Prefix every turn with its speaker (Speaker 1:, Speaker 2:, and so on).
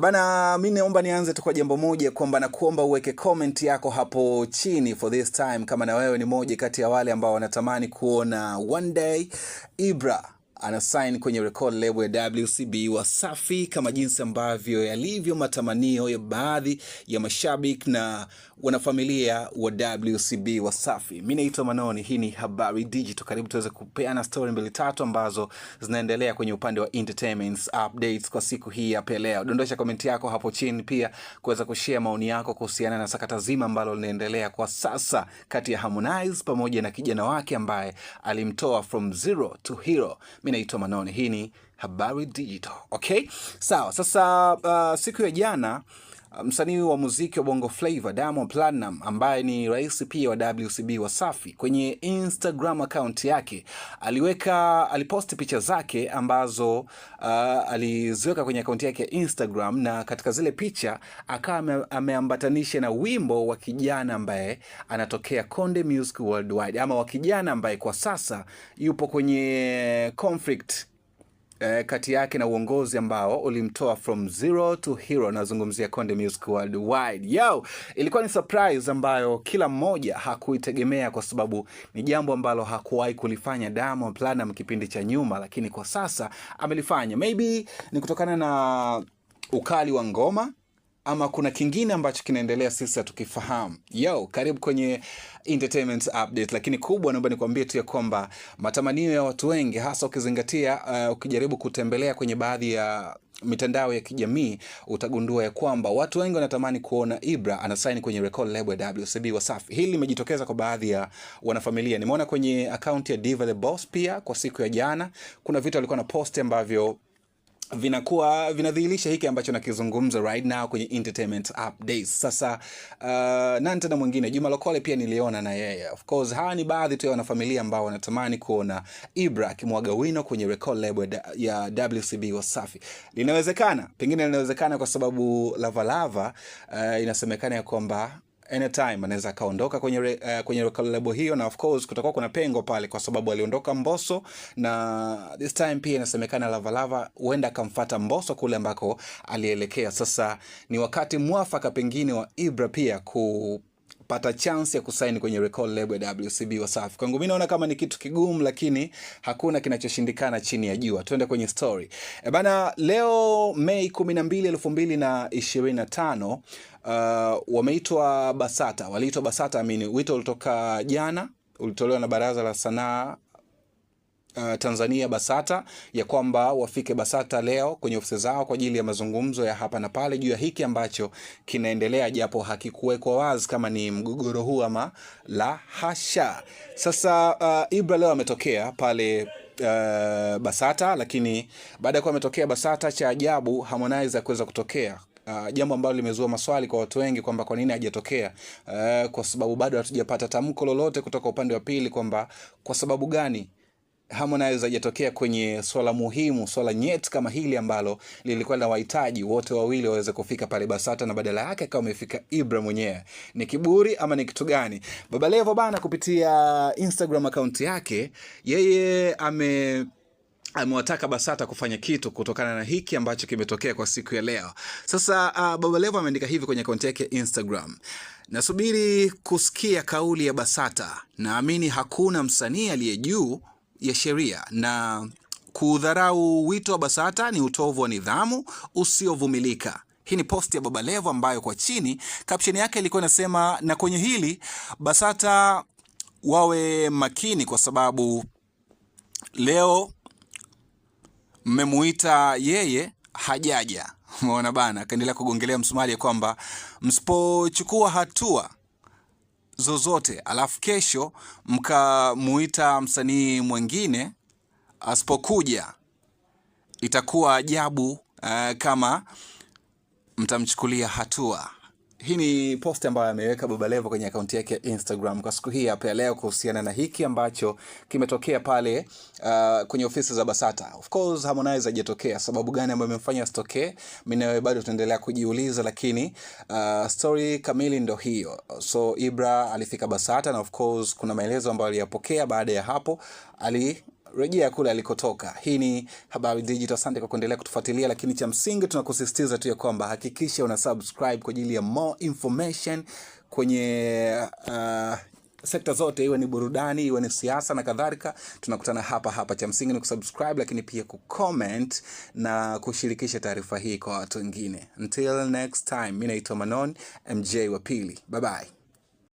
Speaker 1: Bana, mi naomba nianze tu kwa jambo moja kwamba nakuomba uweke comment yako hapo chini for this time, kama na wewe ni moja kati ya wale ambao wanatamani kuona one day Ibra anasaini kwenye record label ya WCB Wasafi, kama jinsi ambavyo yalivyo matamanio ya baadhi ya mashabiki na wanafamilia wa WCB Wasafi. mi naitwa Manoni, hii ni Habari Digital. Karibu tuweze kupeana story mbili tatu ambazo zinaendelea kwenye upande wa entertainment updates kwa siku hii ya leo. Dondosha komenti yako hapo chini, pia kuweza kushare maoni yako kuhusiana na sakata zima ambalo linaendelea kwa sasa kati ya Harmonize pamoja na kijana wake ambaye alimtoa from zero to hero. Mimi naitwa Manoni. Hii ni Habari Digital. Okay, sawa. Sasa uh, siku ya jana msanii wa muziki wa Bongo Flava Diamond Platnumz ambaye ni rais pia wa WCB Wasafi, kwenye Instagram account yake aliweka aliposti picha zake ambazo uh, aliziweka kwenye akaunti yake ya Instagram, na katika zile picha akawa ameambatanisha na wimbo wa kijana ambaye anatokea Konde Music Worldwide ama wa kijana ambaye kwa sasa yupo kwenye conflict eh, kati yake na uongozi ambao ulimtoa from zero to hero. Nazungumzia Konde Music Worldwide. Yo, ilikuwa ni surprise ambayo kila mmoja hakuitegemea, kwa sababu ni jambo ambalo hakuwahi kulifanya Diamond Platnumz kipindi cha nyuma, lakini kwa sasa amelifanya. Maybe ni kutokana na ukali wa ngoma ama kuna kingine ambacho kinaendelea sisi hatukifahamu? Yo, karibu kwenye entertainment update, lakini kubwa naomba nikwambie tu ya kwamba matamanio ya watu wengi hasa ukizingatia, uh, ukijaribu kutembelea kwenye baadhi ya mitandao ya kijamii utagundua ya kwamba watu wengi wanatamani kuona Ibra anasaini kwenye record label ya WCB Wasafi. Hili limejitokeza kwa baadhi ya wanafamilia. Nimeona kwenye akaunti ya Diva the Boss pia kwa siku ya jana kuna vitu alikuwa na post ambavyo vinakuwa vinadhihirisha hiki ambacho nakizungumza right now kwenye entertainment updates. Sasa uh, nani tena mwingine, Juma Lokole pia niliona na yeye. Of course hawa ni baadhi tu ya wanafamilia ambao wanatamani kuona Ibra akimwaga wino kwenye record label ya WCB Wasafi. Linawezekana, pengine linawezekana kwa sababu Lavalava uh, inasemekana ya kwamba anytime anaweza kaondoka kwenye uh, kwenye lebo hiyo, na of course kutakuwa kuna pengo pale, kwa sababu aliondoka Mbosso na this time pia inasemekana Lavalava huenda akamfata Mbosso kule ambako alielekea. Sasa ni wakati mwafaka pengine wa Ibra pia ku kupata chance ya kusaini kwenye record label ya WCB Wasafi. Kwangu mimi naona kama ni kitu kigumu, lakini hakuna kinachoshindikana chini ya jua. Twende kwenye story. E bana, leo Mei 12, 2025 uh, wameitwa Basata, waliitwa Basata amini, wito ulitoka jana, ulitolewa na Baraza la Sanaa uh, Tanzania Basata ya kwamba wafike Basata leo kwenye ofisi zao kwa ajili ya mazungumzo ya hapa na pale juu ya hiki ambacho kinaendelea, japo hakikuwekwa wazi kama ni mgogoro huu ama la hasha. Sasa uh, Ibra leo ametokea pale uh, Basata, lakini baada ya kuwa ametokea Basata, cha ajabu Harmonize akuweza kutokea Uh, jambo ambalo limezua maswali kwa watu wengi kwamba kwa nini hajatokea, uh, kwa sababu bado hatujapata tamko lolote kutoka upande wa pili kwamba kwa sababu gani Harmonize hajatokea kwenye swala muhimu, swala nyeti kama hili ambalo lilikuwa na wahitaji wote wawili waweze kufika pale BASATA na badala yake akawa amefika Ibra mwenyewe. Ni kiburi ama ni kitu gani? Baba Levo bana, kupitia Instagram account yake yeye ame amewataka BASATA kufanya kitu kutokana na hiki ambacho kimetokea kwa siku ya leo. Sasa uh, Baba Levo ameandika hivi kwenye akaunti yake Instagram: nasubiri kusikia kauli ya BASATA, naamini hakuna msanii aliye juu ya sheria na kudharau wito wa BASATA ni utovu wa nidhamu usiovumilika. Hii ni posti ya Baba Levo ambayo kwa chini caption yake ilikuwa inasema, na kwenye hili BASATA wawe makini, kwa sababu leo mmemuita yeye hajaja. Umeona bana, akaendelea kugongelea msumali ya kwamba msipochukua hatua zozote, alafu kesho mkamuita msanii mwingine asipokuja, itakuwa ajabu uh, kama mtamchukulia hatua. Hii ni posti ambayo ameweka Baba Levo kwenye akaunti yake ya Instagram kwa siku hii hapa ya leo kuhusiana na hiki ambacho kimetokea pale uh, kwenye ofisi za Basata. Of course Harmonize hajatokea, sababu gani ambayo imemfanya asitokee, mimi nawe bado tunaendelea kujiuliza, lakini uh, story kamili ndo hiyo. So Ibra alifika Basata na of course kuna maelezo ambayo aliyapokea. Baada ya hapo ali rejea kule alikotoka. Hii ni Habari Digital, asante kwa kuendelea kutufuatilia, lakini cha msingi tunakusisitiza tu ya kwamba hakikisha una subscribe kwa ajili ya more information kwenye uh, sekta zote, iwe ni burudani, iwe ni siasa na kadhalika. Tunakutana hapa hapa, cha msingi ni kusubscribe, lakini pia kucomment na kushirikisha taarifa hii kwa watu wengine. Until next time, mi naitwa Manon MJ wa pili, bye bye.